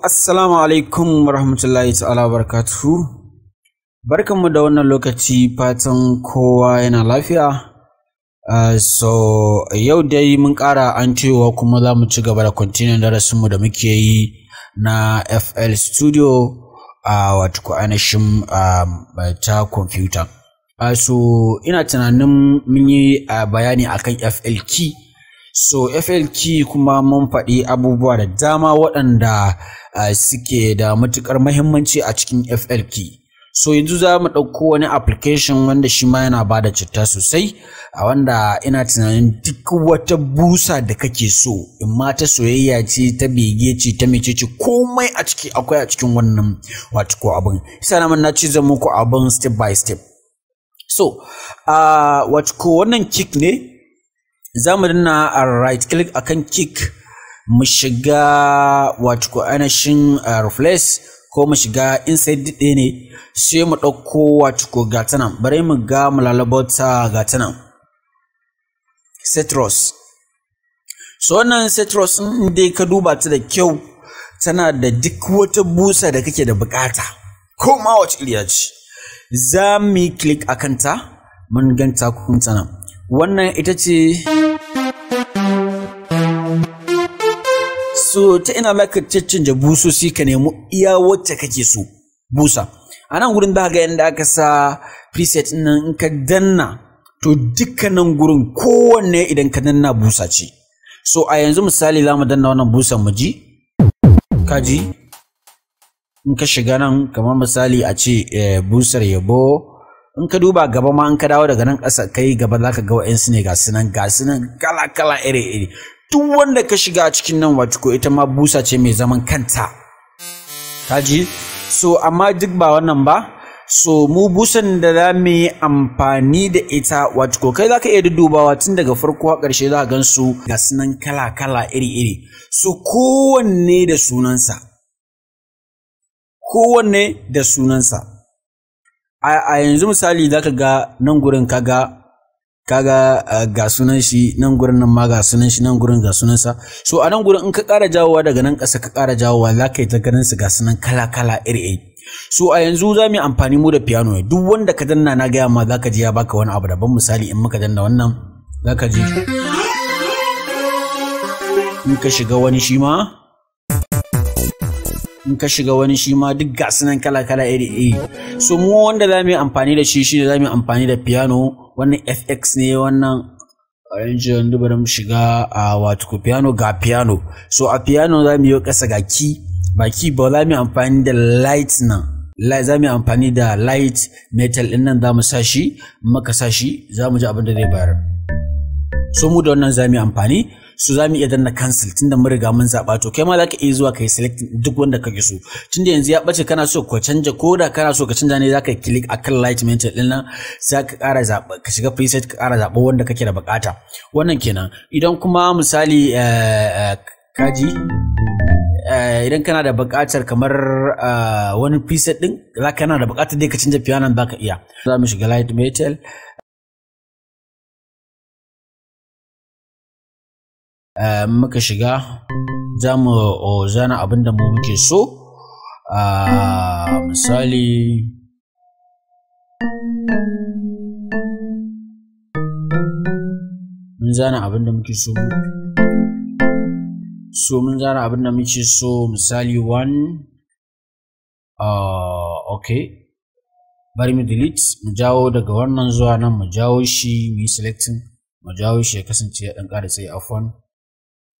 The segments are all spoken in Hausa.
assalamu alaikum warahmatullahi ta'ala barkatu. barkanmu da wannan lokaci fatan kowa yana lafiya uh, so yau dai mun kara an cewa kuma za mu ci gaba da continuing darasinmu da muke yi na fl studio a uh, wato ainihin um, ta computer uh, so ina tunanin mun yi uh, bayani akan fl key So FLQ kuma mun faɗi abubuwa da dama waɗanda ah, suke da matuƙar mahimmanci a cikin F_L_K So yanzu za mu ɗauko wani application wanda shi ma yana ba da citta sosai, a wanda ina tunanin duk wata busa da kake so, in ma ta soyayya ce, ta bege ce, ta mece ce, komai a ciki akwai a cikin wannan wato ko abin. Isa na ce zan muku abin step by step. So, uh, ah, wato ko wannan kick ne, za mu danna a right click akan kick mu shiga wato ko ainihin uh, replace ko mu shiga inside ɗaya ne sai mu ɗauko wato ko bari mu ga mu lalabota gata so wannan setros in dai ka duba ta da kyau tana da duk wata busa da kake da bukata ko ma wace iriya ce za mu yi click akan ta mun ganta kun nan wannan ita ce so ta ina maka caccanja busosi ka nemi iya wacce kake so busa a nan gurin da ga yadda aka sa preset nan in ka danna to dukkanin gurin kowanne idan ka danna busa ce so a yanzu misali za mu danna wannan busan mu ji kaji in ka shiga nan kamar misali a ce eh, busar yabo in ka duba gaba ma in ka dawo daga nan ƙasa kai gaba za ka ga wayansu ne ga sunan ga sunan kala kala iri iri duk wanda ka shiga cikin nan wato ko ita ma busa ce mai zaman kanta ka ji so amma duk ba wannan ba so mu busan da za mu yi amfani da ita wato ko kai za ka iya dubawa tun daga farko a ƙarshe za gan su ga sunan kala kala iri iri so kowanne da sunansa kowanne da sunansa a yanzu misali za ka ga nan gurin kaga kaga ga sunan shi nan gurin nan ma ga sunan shi nan gurin ga sunan sa so a nan gurin in ka ƙara jawowa daga nan ƙasa ka ƙara jawowa za ka yi ta ganin su ga sunan kala kala iri iri so a yanzu za mu yi amfani mu da piano duk wanda ka danna na gaya ma za ka ji ya baka wani abu daban misali in muka danna wannan za ka ji in ka shiga wani shi ma in ka shiga wani shi ma duk gasu nan kala kala iri iri so mu wanda za mu yi amfani da shi shi ne za mu yi amfani da piano wannan fx ne wannan arrange wanda bari mu shiga a wato piano ga piano so a piano za mu yi kasa ga ki ba ki ba za mu yi amfani da light nan za mu yi amfani da light metal ɗin nan za mu sa shi maka sa shi za mu ji abin da zai bayar so mu da wannan za mu yi amfani su zamu iya danna cancel tunda mun riga mun zaɓa to kai ma zaka ka iya zuwa ka yi duk wanda ka kake so tunda yanzu ya bace kana so ka canja ko da kana so ka canja ne za ka click akan light mental din nan za ka ƙara zaɓa ka shiga preset ka ƙara zaba wanda kake da bukata wannan kenan idan kuma misali eh, eh, kaji eh, idan kana da buƙatar kamar wani preset ɗin za kana da buƙatar dai ka canja piano za iya za mu shiga light metal Eh, muka shiga za mu zana abin da mu muke so ah, misali mun zana abin da muke so so mun zana abin da muke so misali one uh, bari mu delete mu jawo daga wannan zuwa nan mu jawo shi mu yi selecting mu jawo shi ya kasance ya dan ƙara sai afwan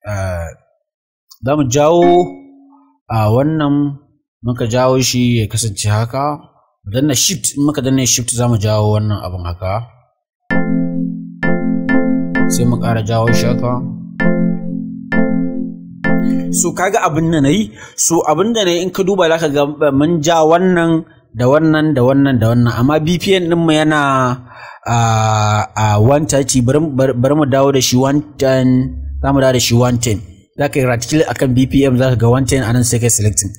Eh, za mu jawo a wannan muka jawo shi ya kasance haka danna shift in muka danna shift za mu jawo wannan abin haka sai mu ƙara jawo shi haka so kaga abin da na yi so abin da na yi in ka duba za ka ga mun ja wannan da wannan da wannan da wannan amma bpn ɗinmu yana a 130 bari mu dawo da shi 110 za mu da shi 110 za ka yi right click akan bpm za ka ga 110 nan sai kai selecting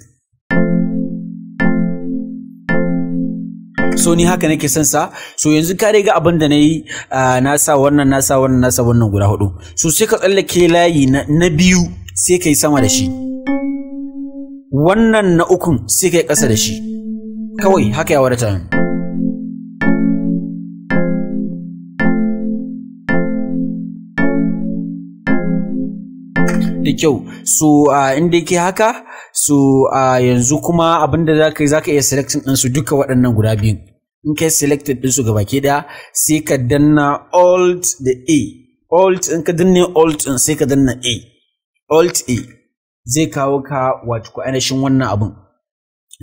so ni haka nake son sa so yanzu ka ga abin da nayi na sa wannan na sa wannan na sa wannan guda hudu so sai ka tsallake layi na biyu sai kai sama da shi wannan na ukun sai kai kasa da shi kawai haka ya wadata da kyau su inda yake haka so yanzu kuma abinda za ka yi za ka iya selection ɗinsu duka waɗannan guda biyun in kai selected ɗinsu gaba ke da sai ka danna alt da a alt in ka danna alt in sai ka danna a alt a zai kawo ka wato ainihin wannan abin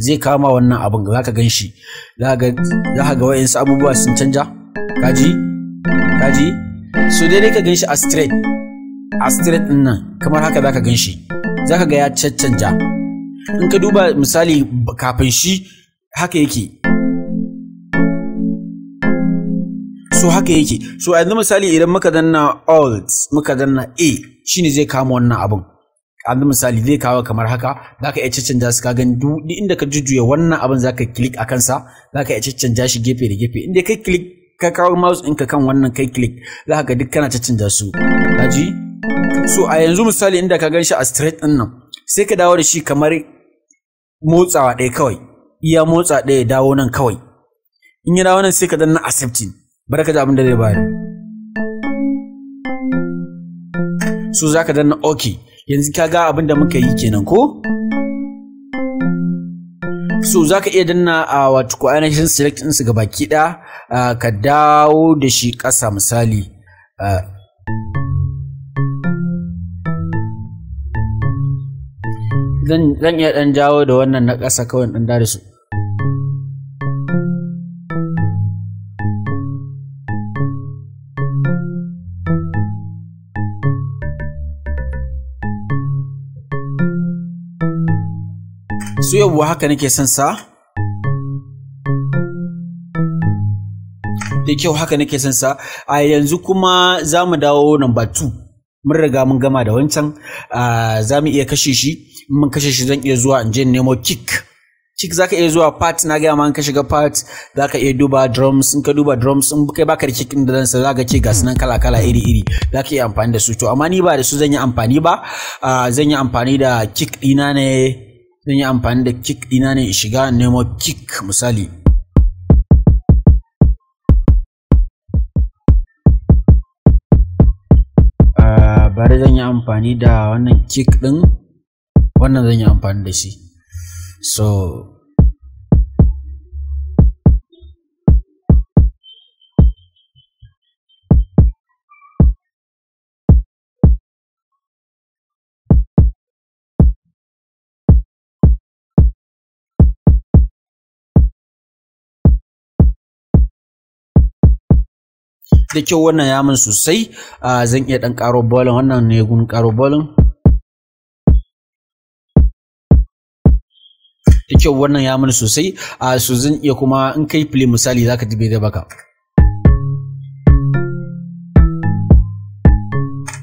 zai kawo ma wannan abin za ka gan shi za ka ga wa'insu abubuwa sun canja kaji kaji Su dai ka gan shi a straight a street ɗin nan kamar haka zaka gan shi zaka ga ya caccanja in ka duba misali kafin shi haka yake so haka yake so yanzu misali idan muka danna alt muka danna a shine zai kama wannan abin yanzu misali zai kawo kamar haka zaka iya caccanja su ka gani duk inda ka jujjuya wannan abin zaka click a kansa zaka iya caccanja shi gefe da gefe inda kai click ka kawo mouse ɗinka kan wannan kai click za ga duk kana caccanja su ji? so a yanzu misali inda ka gan shi a straight ɗin nan sai ka dawo da shi kamar motsawa ɗaya kawai iya motsa ɗaya dawo nan kawai in ya dawo nan sai ka danna accepting bari ka ji abin da zai bayar so za ka danna okay yanzu ka ga abin da muka yi kenan ko so za ka iya danna a wato ko ainihin select ɗinsu gaba ɗaya ka dawo da shi ƙasa misali zan iya ɗan jawo da wannan na ƙasa kawai ɗan da su su yabuwa haka nake son sa da kyau haka nake son sa a yanzu kuma za mu dawo number 2 mun riga mun gama da wancan za mu iya kashe shi mun kashe shi zan iya zuwa in je nemo kick kick zaka iya zuwa part na gaya ma in ka shiga part zaka iya duba drums in ka duba drums in kai baka da kick din da za zaka ce ga sunan kala kala iri iri zaka iya amfani da su to amma ni ba da su zan yi amfani ba zan yi amfani da kick dina ne zan yi amfani da kick dina ne in shiga nemo kick misali bari zan yi amfani da wannan kick ɗin wannan zan yi amfani da shi so da kyau wannan ya min sosai zan iya dan karo bolin wannan ne gun karo bolin da kyau wannan ya min sosai a su zan iya kuma in kai play misali zaka ji bai da baka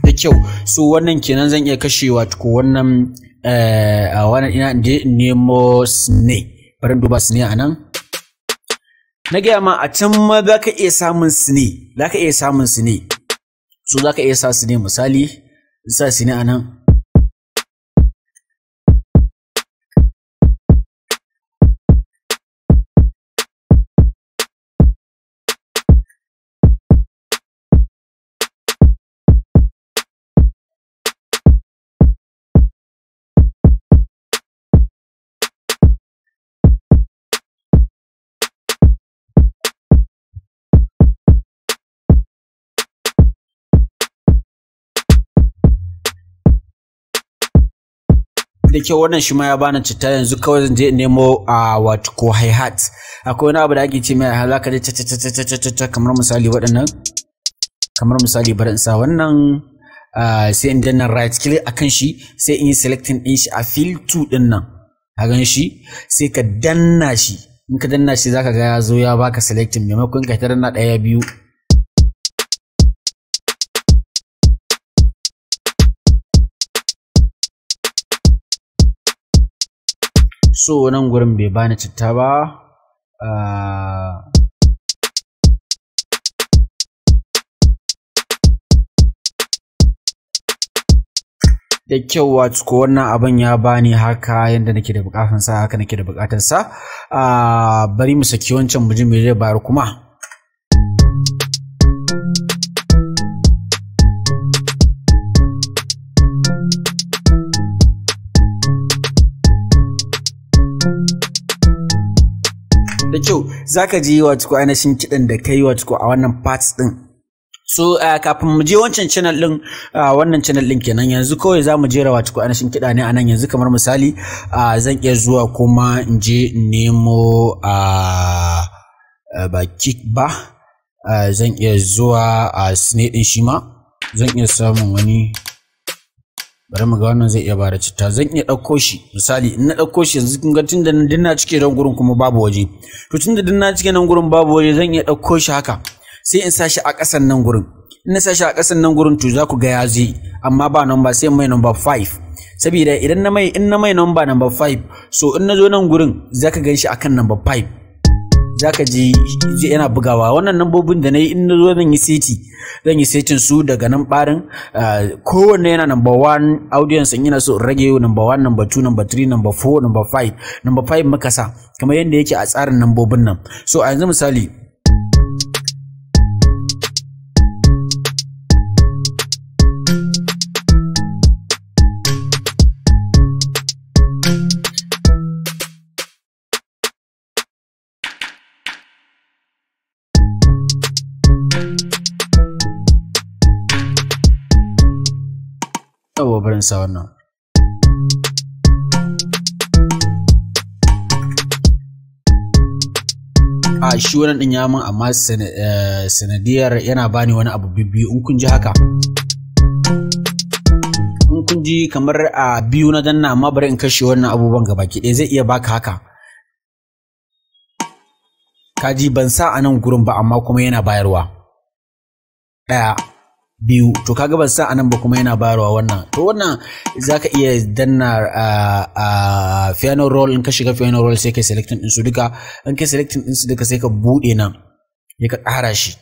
da kyau so wannan kenan zan iya kashewa ko wannan eh, a wannan ina nemo snake bari duba snake a nan na gaya ma a can ma za ka iya samun su ne za ka iya samun su ne so za ka iya sa su ne misali sa su ne a nan da kyau wannan shi ma ya bani citta yanzu kawai zan je nemo a wato ko hi hat akwai wani abu da ake ce mai hala ka je ta ta ta kamar misali waɗannan kamar misali bari in sa wannan sai in danna right click akan shi sai in yi selecting din shi a fill 2 din nan ka gan shi sai ka danna shi in ka danna shi zaka ga ya zo ya baka selecting maimakon ka ta danna ɗaya biyu so nan gurin bai bani citta ba ah. da kyau wato ko wannan abin ya bani haka yadda nake da bukatan sa haka nake da bukatar sa ah, bari mu saki wancan bujin mai zai bayar kuma da kyau zaka ji wato ko ainihin kiɗan da yi wato ko a wannan parts ɗin so uh, kafin mu je wancan channel din uh, wannan channel din kenan yanzu kawai za mu jera wato ainihin kiɗa ne a nan yanzu kamar misali uh, zan iya zuwa kuma in je nemo uh, uh, ba kick ba uh, zan iya zuwa a uh, sine din shi ma zan iya samun wani bari mu ga wannan zai iya bada citta zan iya ɗauko shi misali in na ɗauko shi yanzu kun ga tunda nan dinna cike nan gurin kuma babu waje to tunda dinna cike nan gurin babu waje zan iya ɗauko shi haka sai in sa shi a ƙasan nan gurin in na sa shi a ƙasan nan gurin to za ku ga ya zai amma ba number sai mai number 5 saboda idan na mai in na mai number number 5 so in na zo nan gurin za gan shi akan number 5 zaka ji yana bugawa wannan nambobin da na yi na zo zan yi seti zan yi setin su daga nan barin ah, kowanne yana number one audience in yana so in rage number one number two number three number four number five number five muka sa kamar yadda yake a tsarin nambobin nan so a yanzu misali barin sa wannan a shi wannan din ya min amma eh, sanadiyar yana bani wani abu biyu in kun ji haka in kun ji kamar a biyu na danna amma bari in kashe wannan abubuwan gabaki ɗaya zai iya baka haka kaji ban sa a nan gurin ba amma kuma yana bayarwa ɗaya biyu to kaga ban sa anan ba kuma yana bayarwa wannan to wannan zaka iya danna a piano roll in ka shiga piano roll sai ka selecting din su duka in ka selecting din su duka sai ka bude nan ya ka shi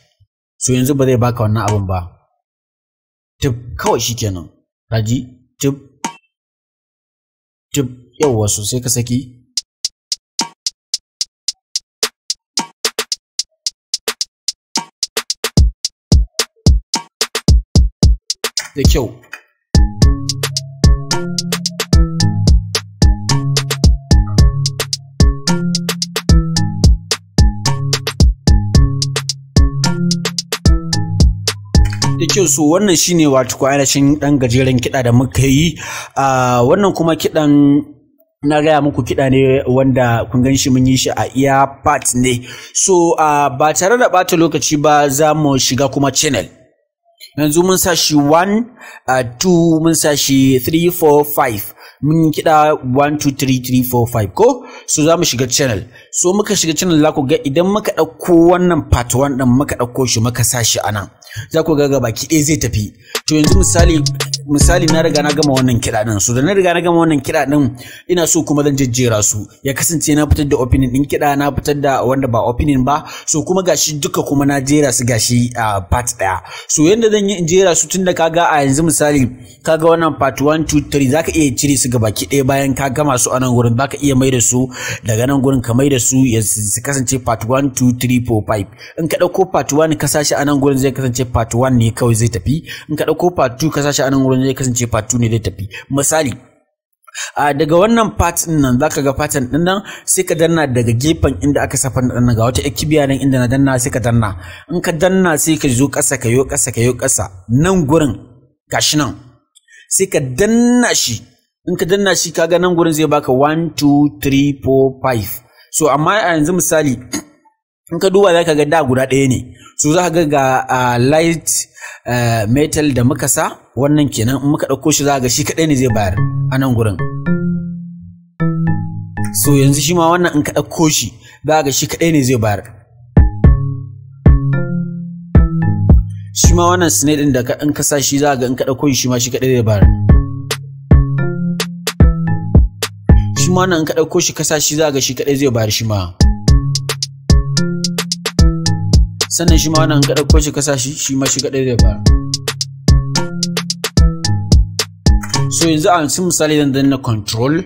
so yanzu ba zai baka wannan abin ba tip kawai shikenan kaji tip tip yawa so sai ka saki da kyau da so wannan shine wato ko ainihin dan gajeren kiɗa da muka yi wannan kuma kiɗan na gaya muku kiɗa ne wanda kun gan shi mun yi shi a iya part ne so ba tare da ɓata lokaci ba za mu shiga kuma channel yanzu mun sa shi 1 2 uh, mun sa shi 3 4 5 mun kida 1 2 3 3 4 5 ko so za mu shiga channel so muka shiga channel za ku ga idan muka dauko wannan part 1 din muka dauko shi muka sa shi a za ku ga gaba ki ɗaya zai tafi to yanzu misali misali na riga na gama wannan kiɗa ɗin so da na riga na gama wannan kiɗa ɗin ina so kuma zan jejjera su ya kasance na fitar da opinion ɗin kiɗa na fitar da wanda ba opinion ba so kuma gashi duka kuma na jera su gashi a part ɗaya so yanda zan yi in jera su tunda kaga a yanzu misali kaga wannan part 1 2 3 zaka iya cire su gabaki ɗaya bayan ka gama su a nan gurin zaka iya mai da su daga nan gurin ka mai da su ya kasance part 1 2 3 4 5 in ka ɗauko part 1 ka sashi a nan gurin zai kasance part 1 ne kawai zai tafi in ka ɗauko part 2 ka sashi a nan gurin wani zai kasance part 2 ne zai tafi misali a daga wannan part din nan zaka ga pattern din nan sai ka danna daga gefen inda aka safa nan ga wata ekibiya nan inda na danna sai ka danna in ka danna sai ka zo kasa ka yo kasa ka yo kasa nan gurin gashi nan sai ka danna shi in ka danna shi kaga nan gurin zai baka 1 2 3 4 5 so amma a yanzu misali in ka duba za ka ga da guda ɗaya ne su za ka ga ga light metal da muka sa wannan kenan in muka ɗauko shi za ga shi kaɗai ne zai bayar a nan gurin so yanzu shi ma wannan in ka ɗauko shi za ga shi kaɗai ne zai bayar shi ma wannan sinai ɗin da in ka sa shi za ga in ka ɗauko shi ma shi kaɗai zai bayar shi ma wannan in ka ɗauko shi ka sa shi za ga shi kaɗai zai bayar shi ma sannan shi ma wannan ka ko shi ka shi shi ma shi kaɗai zai fara so yanzu a yanzu misali zan na control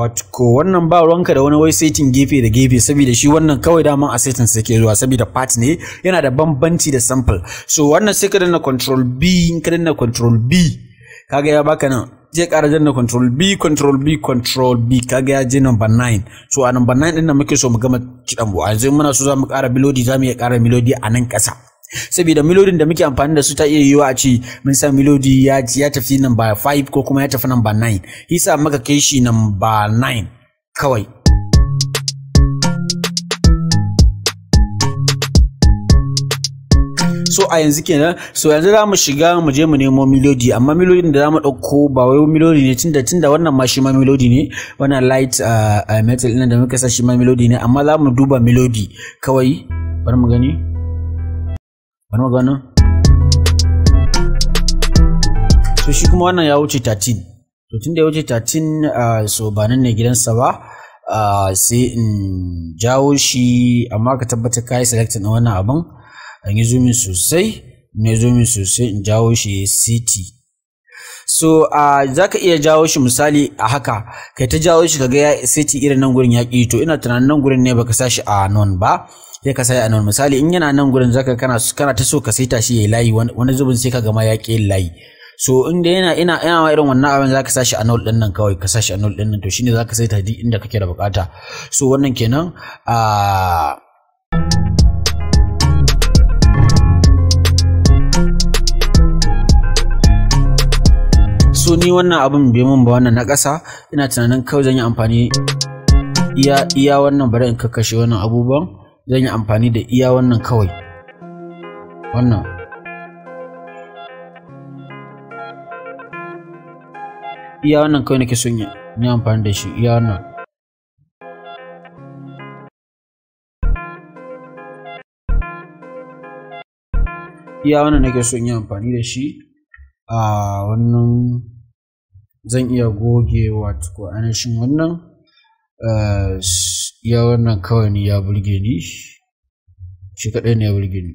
wato wannan ba ruwanka da wani wai setting gefe da gefe saboda shi wannan kawai daman a sai ke zuwa saboda part ne yana da bambanci da sample so wannan sai ka danna control b in ka danna control b kaga ya baka nan zai kara janna control b control b control b kaga ya je number 9 so a number 9 din nan muke so mu gama kidan bu a yanzu muna so za mu ƙara melody za mu iya kara melody a nan kasa saboda melodin da muke amfani da su ta iya yiwa a ce mun sa melody ya ya tafi number 5 ko kuma ya tafi number 9 yasa muka kai shi number 9 kawai so a yanzu kenan so yanzu za mu shiga mu je mu nemo melody amma melody da za mu ɗauko ba wai melody ne tunda tunda wannan ma shi ma melody ne wannan light ah, ah, metal ɗin da muka sa shi ma melody ne amma za mu duba melody kawai bari mu gani bari mu gani so shi kuma wannan ya wuce 13 to tunda ya wuce 13 ah, so ba nan ne gidansa ba sai in jawo shi amma ka tabbatar ka yi selecting na wannan abin an yi zoomin sosai na zoomin sosai in jawo shi ya city so uh, za ka iya jawo shi misali a haka kai ta jawo shi kaga ya city irin nan gurin ya ƙi to ina tunanin nan gurin ne baka sa shi a non ba sai ka sai a non misali in yana nan gurin zaka kana kana ta so ka saita shi ya layi wani zubin sai ka gama ya ƙi layi so inda yana ina ina ma irin wannan abin zaka sashi a null din nan kawai ka sashi a null din nan to shine zaka saita duk inda kake da bukata so wannan kenan a so ni wannan abin bai mun ba wannan na ƙasa ina tunanin kawai zan yi amfani iya iya wannan bari in kakkashe wannan abubuwan zan yi amfani da iya wannan kawai wannan iya wannan kawai nake son yi amfani da shi iya wannan iya wannan nake son yi amfani da shi a ah, wannan zan iya goge wato ko ainihin wannan eh, ya wannan kawai ni ya burge ni shi kaɗai ne ya burge ni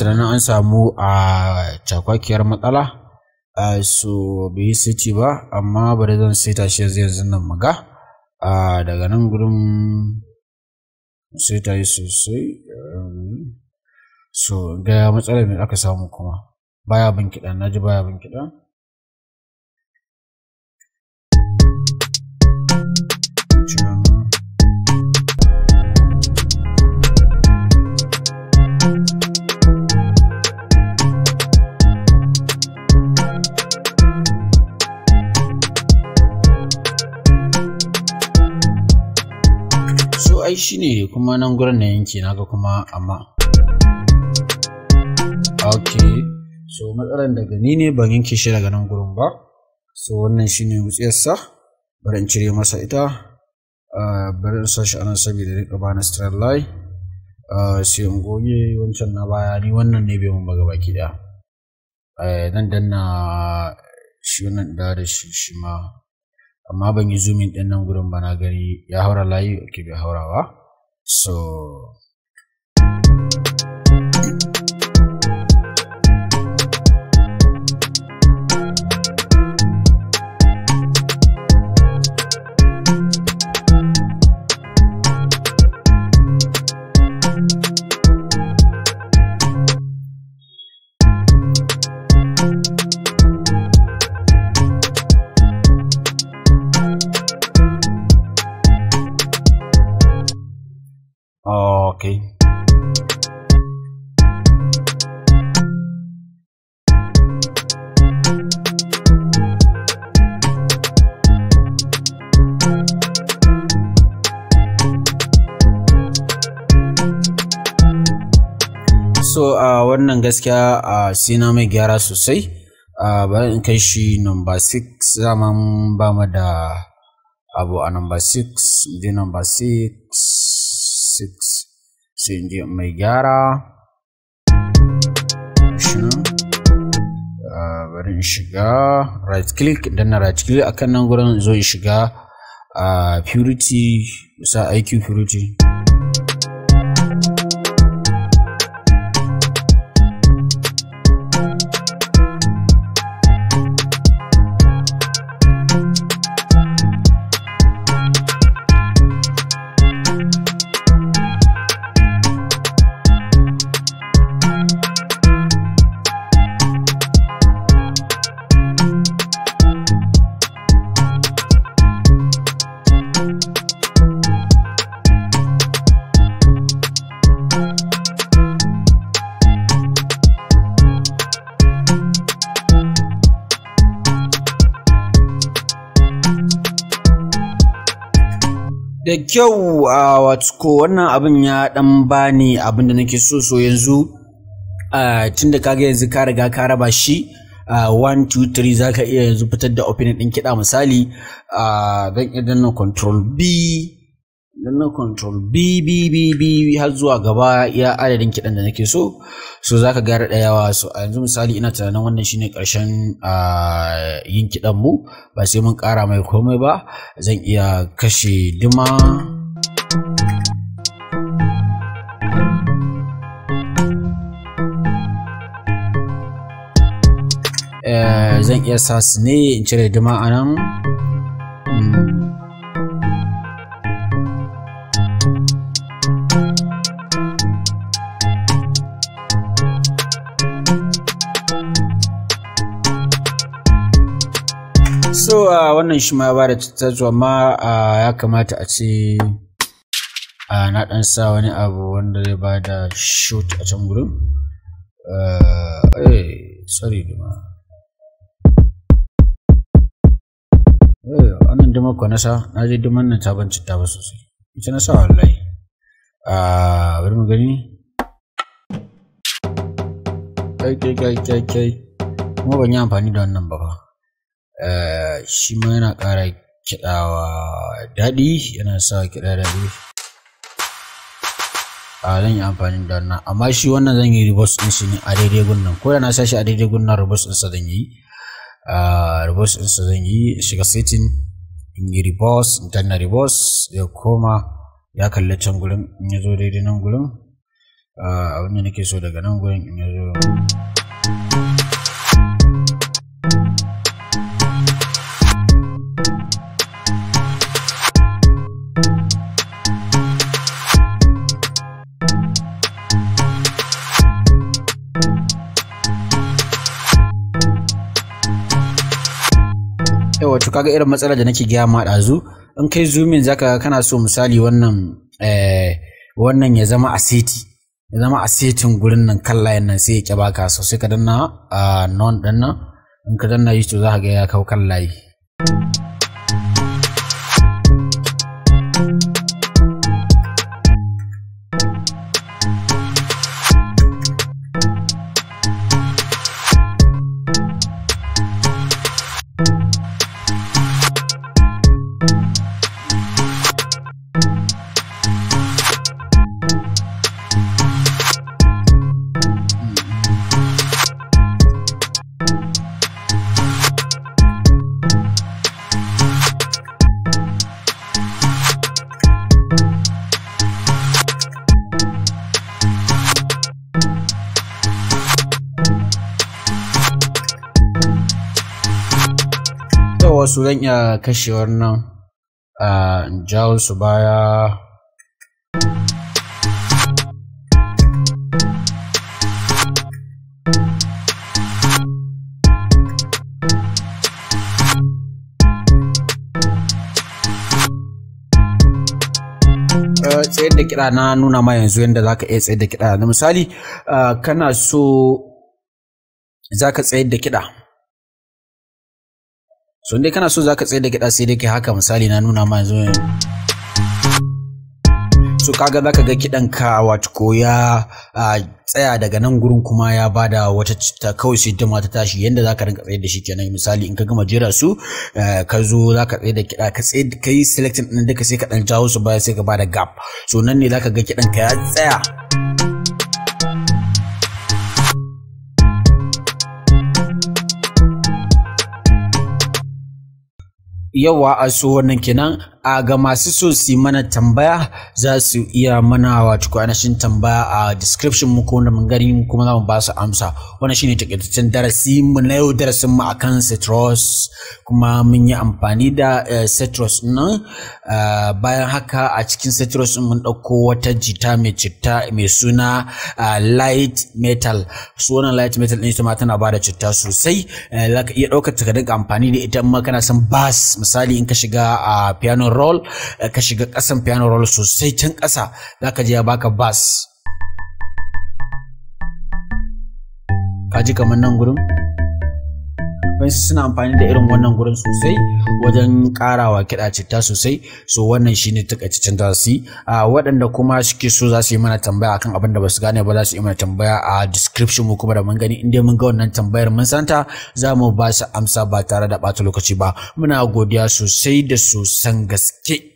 tunanin an samu a cakwakiyar matsala so bai yi city ba amma bari zan sai shi yanzu yanzu nan muga daga nan gurin ta yi sosai so ga matsalar mai aka samu kuma baya bin na ji baya bin kiɗan ai ne kuma nan gurin na yanke naga kuma amma ok so matsalar daga ni ne ban yanke shi daga nan gurin ba so wannan shi ne wutsiyarsa bari in cire masa ita ah, bari in sa shi anan saboda rika ba na straight ah, sai in goge wancan na baya ni wannan ne bai mun ba gabaki daya nan eh, danna shi wannan da da shi shi ma amma ban yi zoomin ɗin nan gurin ba na gari ya haura layi ke bai haurawa so so a wannan gaskiya a sina mai gyara sosai a bari in kai shi number 6 zaman ba mu da abu a number 6 je number 6 6 sai in je mai gyara bari in shiga right click dan na right click akan nan gurin zo in shiga purity sa iq purity da kyau a watsuko wannan abin ya dan bani abin da nake so so yanzu tun da kaga yanzu ka riga ka raba shi 1 2 3 zaka iya yanzu fitar da opening ɗin kiɗa misali zan iya danna control b na control b b b b har zuwa gaba ya adadin kiɗan da nake so so za ka gara ɗayawa so a yanzu misali ina tunanin wannan shine ƙarshen yin kiɗan mu ba sai mun ƙara mai komai ba zan iya kashe dima eh, zan iya sa su ne in cire dima a nan hmm. wannan shi ma ba da cuta zuwa ma ya kamata a ce na dan sa wani abu wanda zai bada shoot a can gudun eh sorry duma eh wannan duma ko nasa na je duman nan ta ban cuta ba sosai ita nasa sa lai. bari mu gani kai kai kai kai kai kuma ban yi amfani da wannan ba ba Eh, shi ma yana ƙara kiɗawa daɗi yana sa kiɗa daɗi a ah, zan yi amfani da wannan amma shi wannan zan yi reverse ɗin shi ne a daidai gunnan ko da na sa shi a daidai gunnan reverse ɗinsa zan yi ah, reverse ɗinsa zan yi shiga setting in yi reverse in tanna reverse ya koma ya kalli can gurin in ya zo daidai nan gurin ah, abin da nake so daga nan gurin in ya zo yawa to kaga irin matsalar da nake gaya ma ɗazu in kai zoomin zaka kana so misali wannan eh, wannan ya zama a ya zama a gurin nan kan layin sai ya ƙi sosai so sai ka danna ah, non ɗin in ka danna yi to zaka ka ga ya kau kan layi. wasu zan iya kashewar nan, in jawo su baya eh, tsayar da kiɗa na nuna ma yanzu yadda za ka iya tsayar da kiɗa na misali eh, kana so za ka tsayar da kiɗa so dai kana so zaka tsaye da gida sai dai kai haka misali na nuna ma yanzu so kaga zaka ga kidan ka wato ko ya tsaya daga nan gurin kuma ya bada wata ta kawai sai ta mata tashi yanda zaka rinka tsaye da shi kenan misali in ka gama jira su ka zo zaka tsaye da kida ka tsaye ka yi selecting din duka sai ka dan jawo su baya sai ka bada gap so nan ne zaka ga kidan ka ya tsaya yawa a su wannan kenan a ga masu so su mana tambaya za su iya mana wato tambaya a description mu ko wanda mun gani kuma za mu ba su amsa wannan shine takaitaccen darasi mu na yau darasin mu akan citrus kuma mun yi amfani da eh, citrus nan eh, bayan haka a cikin citrus mun ɗauko wata jita mai citta mai suna eh, light metal su wannan light metal ɗin ita ma tana bada citta sosai za ka iya daukar ta ka amfani da ita in ma kana son bass misali in ka shiga a ah, piano roll eh, ka shiga ƙasan piano roll sosai can ƙasa zaka je ya baka bass ka ji kamar nan gurin wasu suna amfani da irin wannan gurin sosai wajen karawa kiɗa citta sosai so wannan shine ne da su yi waɗanda kuma suke so za su yi mana tambaya akan abin da ba su gane ba za su yi mana tambaya a description mu kuma da mun gani inda mun ga wannan tambayar mun santa za mu ba su amsa ba tare da ɓata lokaci ba muna godiya sosai da sosan gaske